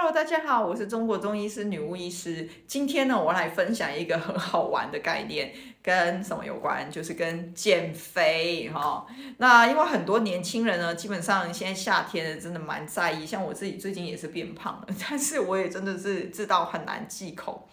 Hello，大家好，我是中國中醫師女巫醫師。今天呢，我來分享一個很好玩的概念。跟什麼有關？就是跟減肥哈。那因為很多年輕人呢，基本上現在夏天真的蠻在意。像我自己最近也是變胖了，但是我也真的是知道很難忌口。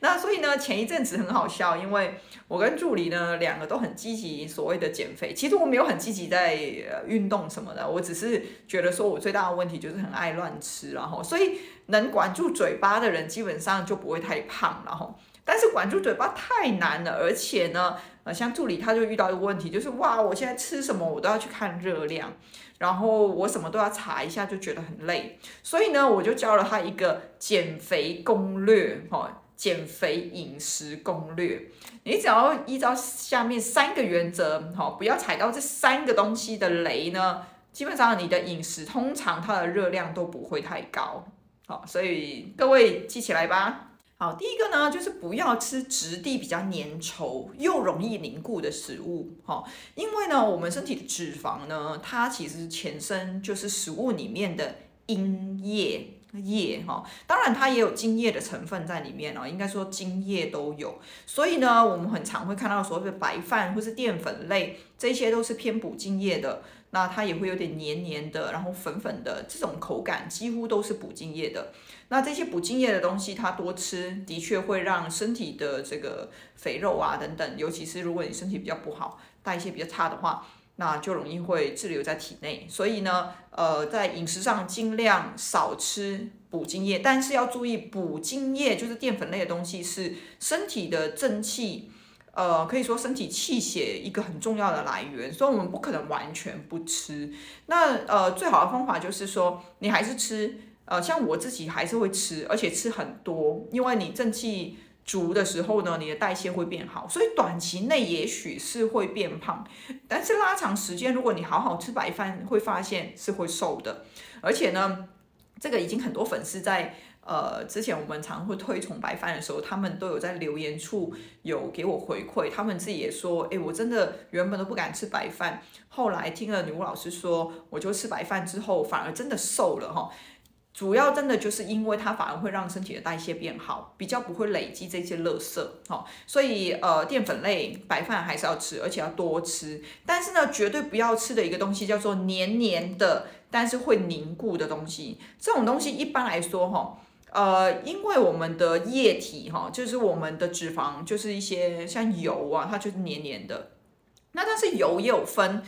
那所以呢，前一陣子很好笑，因為我跟助理呢，兩個都很積極所謂的減肥。其實我沒有很積極在呃運動什麼的，我只是覺得說我最大的問題就是很愛亂吃，然後所以能管住嘴巴的人基本上就不會太胖，然後。但是管住嘴巴太難了，而且呢，呃，像助理他就遇到一個問題，就是哇，我現在吃什麼我都要去看熱量，然後我什麼都要查一下，就覺得很累。所以呢，我就教了他一個減肥攻略，哈、哦，減肥飲食攻略。你只要依照下面三個原則，哈、哦，不要踩到這三個東西的雷呢，基本上你的飲食通常它的熱量都不會太高，好、哦，所以各位記起來吧。好，第一個呢，就是不要吃質地比較粘稠又容易凝固的食物，哈、哦，因為呢，我們身體的脂肪呢，它其實前身就是食物裡面的陰液、津液，哈、哦，當然它也有津液的成分在裡面哦，應該說津液都有，所以呢，我們很常會看到所謂的白飯或是澱粉類，這些都是偏補津液的。那它也會有點黏黏的，然後粉粉的這種口感，幾乎都是補津液的。那這些補津液的東西，它多吃的確會讓身體的這個肥肉啊等等，尤其是如果你身體比較不好，代謝比較差的話，那就容易會滯留在體內。所以呢，呃，在飲食上盡量少吃補津液，但是要注意，補津液就是澱粉類的東西，是身體的正氣。呃，可以說身體氣血一個很重要的來源，所以我們不可能完全不吃。那呃，最好的方法就是說，你還是吃，呃，像我自己還是會吃，而且吃很多，因為你正氣足的時候呢，你的代謝會變好，所以短期內也許是會變胖，但是拉長時間，如果你好好吃白飯，會發現是會瘦的，而且呢，這個已經很多粉絲在。呃，之前我們常會推崇白飯的時候，他們都有在留言處有給我回饋，他們自己也說，誒、欸，我真的原本都不敢吃白飯，後來聽了女巫老師說，我就吃白飯之後，反而真的瘦了哈、哦。主要真的就是因為它反而會讓身體的代謝變好，比較不會累積這些垃圾哈、哦。所以呃，澱粉類白飯還是要吃，而且要多吃。但是呢，絕對不要吃的一個東西叫做黏黏的，但是會凝固的東西，這種東西一般來說哈。哦呃，因為我們的液體哈、哦，就是我們的脂肪，就是一些像油啊，它就是黏黏的。那但是油也有分。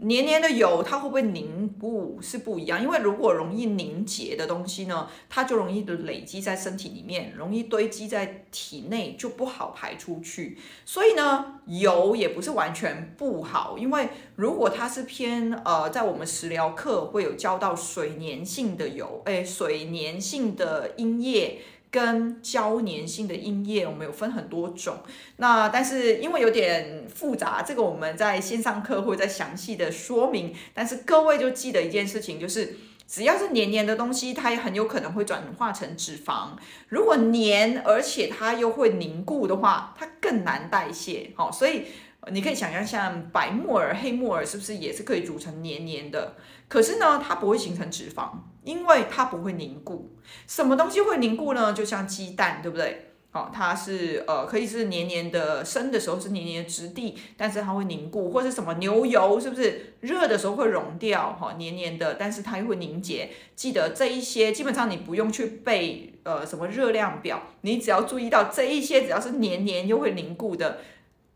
黏黏的油，它會不會凝固是不一樣。因為如果容易凝結的東西呢，它就容易的累積在身體裡面，容易堆積在體內，就不好排出去。所以呢，油也不是完全不好。因為如果它是偏呃，在我們食療課會有教到水黏性的油，哎，水黏性的陰液。跟膠粘性的陰液，我們有分很多種。那但是因為有點複雜，這個我們在線上課會再詳細的說明。但是各位就記得一件事情，就是只要是黏黏的東西，它也很有可能會轉化成脂肪。如果黏而且它又會凝固的話，它更難代謝。好、哦，所以。你可以想象像白木耳、黑木耳是不是也是可以煮成黏黏的？可是呢，它不會形成脂肪，因為它不會凝固。什麼東西會凝固呢？就像雞蛋，對不對？哦，它是呃，可以是黏黏的，生的時候是黏黏的質地，但是它會凝固，或是什麼牛油，是不是熱的時候會溶掉？哈、哦，黏黏的，但是它又會凝結。記得這一些，基本上你不用去背呃什麼熱量表，你只要注意到這一些，只要是黏黏又會凝固的。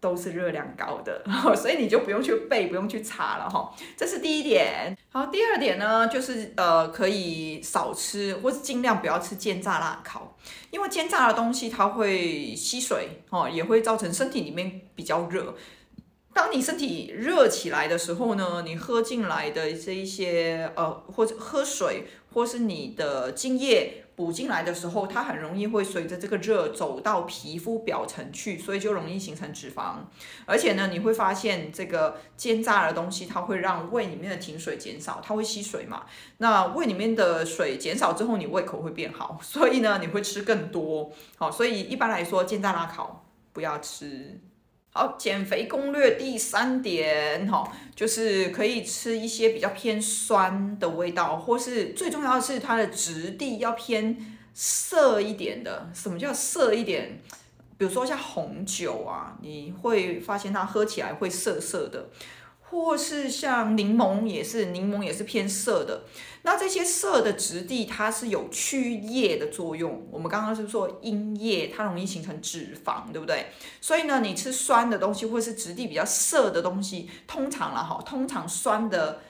都是熱量高的呵呵，所以你就不用去背，不用去查了哈。這是第一點。好，第二點呢，就是呃，可以少吃或是盡量不要吃煎炸、辣烤，因為煎炸的東西它會吸水，哦，也會造成身體裡面比較熱。當你身體熱起來的時候呢，你喝進來的這一些呃，或者喝水，或是你的津液補進來的時候，它很容易會隨着這個熱走到皮膚表層去，所以就容易形成脂肪。而且呢，你會發現這個煎炸的東西，它會讓胃裡面的停水減少，它會吸水嘛。那胃裡面的水減少之後，你胃口會變好，所以呢，你會吃更多。好，所以一般來說，煎炸、辣烤不要吃。好，減肥攻略第三點齁，就是可以吃一些比較偏酸的味道，或是最重要的是它的質地要偏澀一點的。什麼叫澀一點？比如說像紅酒啊，你會發現它喝起來會澀澀的，或是像檸檬也是，檸檬也是偏澀的。那這些澀的質地，它是有去液的作用。我們剛剛是說陰液，它容易形成脂肪，對不對？所以呢，你吃酸的東西，或是質地比較澀的東西，通常了哈，通常酸的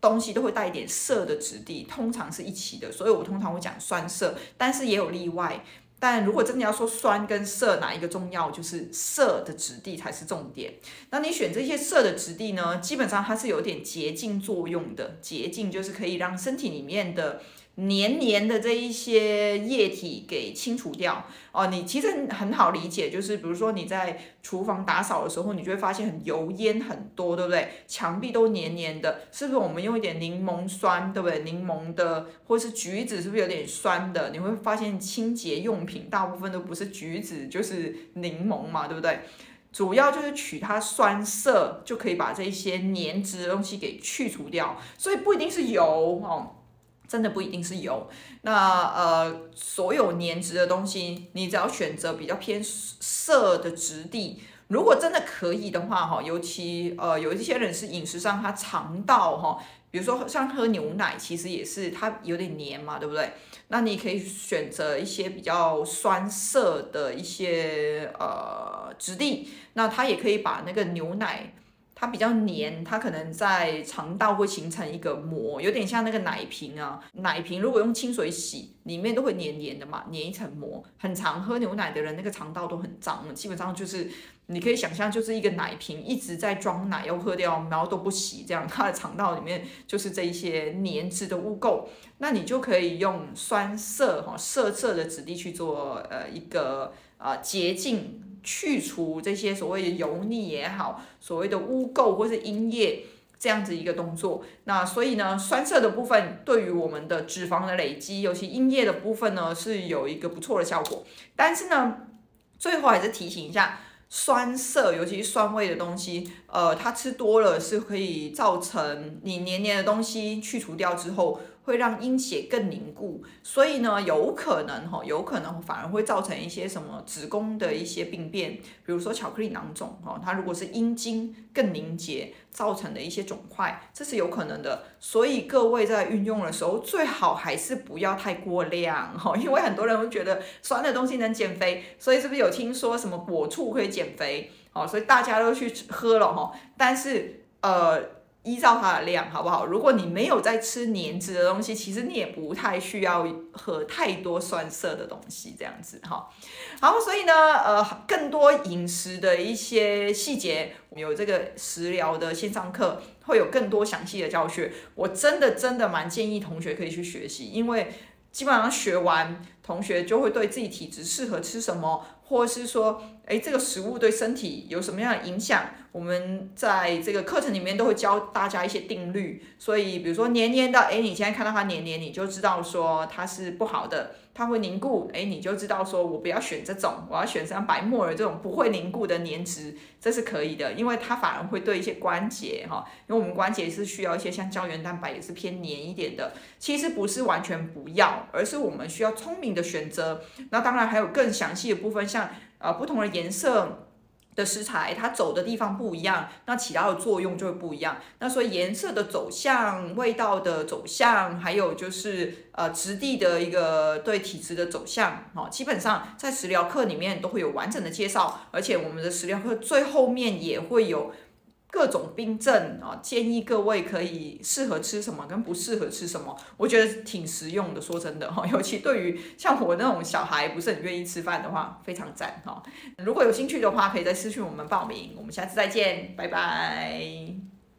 東西都會帶一點澀的質地，通常是一起的。所以我通常會講酸澀，但是也有例外。但如果真的要說酸跟澀哪一個重要，就是澀的質地才是重點。那你選這些澀的質地呢，基本上它是有點潔淨作用的，潔淨就是可以讓身體裡面的黏黏的這一些液體給清除掉哦，你其實很好理解，就是比如說你在廚房打掃的時候，你就會發現很油煙很多，對不對？牆壁都黏黏的，是不是？我們用一點檸檬酸，對不對？檸檬的或是橘子，是不是有點酸的？你會發現清潔用品大部分都不是橘子就是檸檬嘛，對不對？主要就是取它酸澀，就可以把這些黏質的東西給去除掉，所以不一定是油哦。真的不一定是油，那呃，所有粘質的東西，你只要選擇比較偏澀的質地，如果真的可以的話，哈，尤其呃，有一些人是飲食上他腸道哈，比如說像喝牛奶，其實也是它有點黏嘛，對不對？那你可以選擇一些比較酸澀的一些呃質地，那它也可以把那個牛奶。它比較黏，它可能在腸道會形成一個膜，有點像那個奶瓶啊。奶瓶如果用清水洗，裡面都會黏黏的嘛，黏一層膜。很常喝牛奶的人，那個腸道都很髒，基本上就是你可以想象，就是一個奶瓶一直在裝奶又喝掉，然後都不洗，這樣它的腸道裡面就是這一些黏質的污垢。那你就可以用酸澀、哈澀澀的質地去做呃一個呃潔淨。去除這些所謂的油膩也好，所謂的污垢或是陰液這樣子一個動作，那所以呢，酸澀的部分對於我們的脂肪的累積，尤其陰液的部分呢，是有一個不錯的效果。但是呢，最後還是提醒一下，酸澀，尤其是酸味的東西，呃，它吃多了是可以造成你黏黏的東西去除掉之後。會讓陰血更凝固，所以呢，有可能吼、哦，有可能反而會造成一些什麼子宮的一些病變，比如說巧克力囊腫哈、哦，它如果是陰經更凝結造成的一些腫塊，這是有可能的。所以各位在運用的時候，最好還是不要太過量吼、哦，因為很多人會覺得酸的東西能減肥，所以是不是有聽說什麼果醋可以減肥？哦，所以大家都去喝了吼、哦。但是呃。依照它的量，好不好？如果你沒有在吃粘質的東西，其實你也不太需要喝太多酸澀的東西，這樣子哈。好，所以呢，呃，更多飲食的一些細節，我們有這個食療的線上課，會有更多詳細的教學。我真的真的蠻建議同學可以去學習，因為基本上學完，同學就會對自己體質適合吃什麼。或者是說，哎、欸，這個食物對身體有什麼樣的影響？我們在這個課程裡面都會教大家一些定律。所以，比如說黏黏的，哎、欸，你現在看到它黏黏，你就知道說它是不好的，它會凝固，哎、欸，你就知道說我不要選這種，我要選像白木耳這種不會凝固的粘質，這是可以的，因為它反而會對一些關節哈，因為我們關節是需要一些像膠原蛋白也是偏粘一點的。其實不是完全不要，而是我們需要聰明的選擇。那當然還有更詳細的部分。像啊，呃，不同的顏色的食材，它走的地方不一樣，那起到的作用就會不一樣。那所以顏色的走向、味道的走向，還有就是呃質地的一個對體質的走向，哦，基本上在食療課裡面都會有完整的介紹，而且我們的食療課最後面也會有，各種病症啊，建議各位可以適合吃什麼跟不適合吃什麼，我覺得挺實用的。說真的，尤其對於像我那種小孩不是很願意吃飯的話，非常讚，如果有興趣的話，可以再私訊我們報名。我們下次再見，拜拜。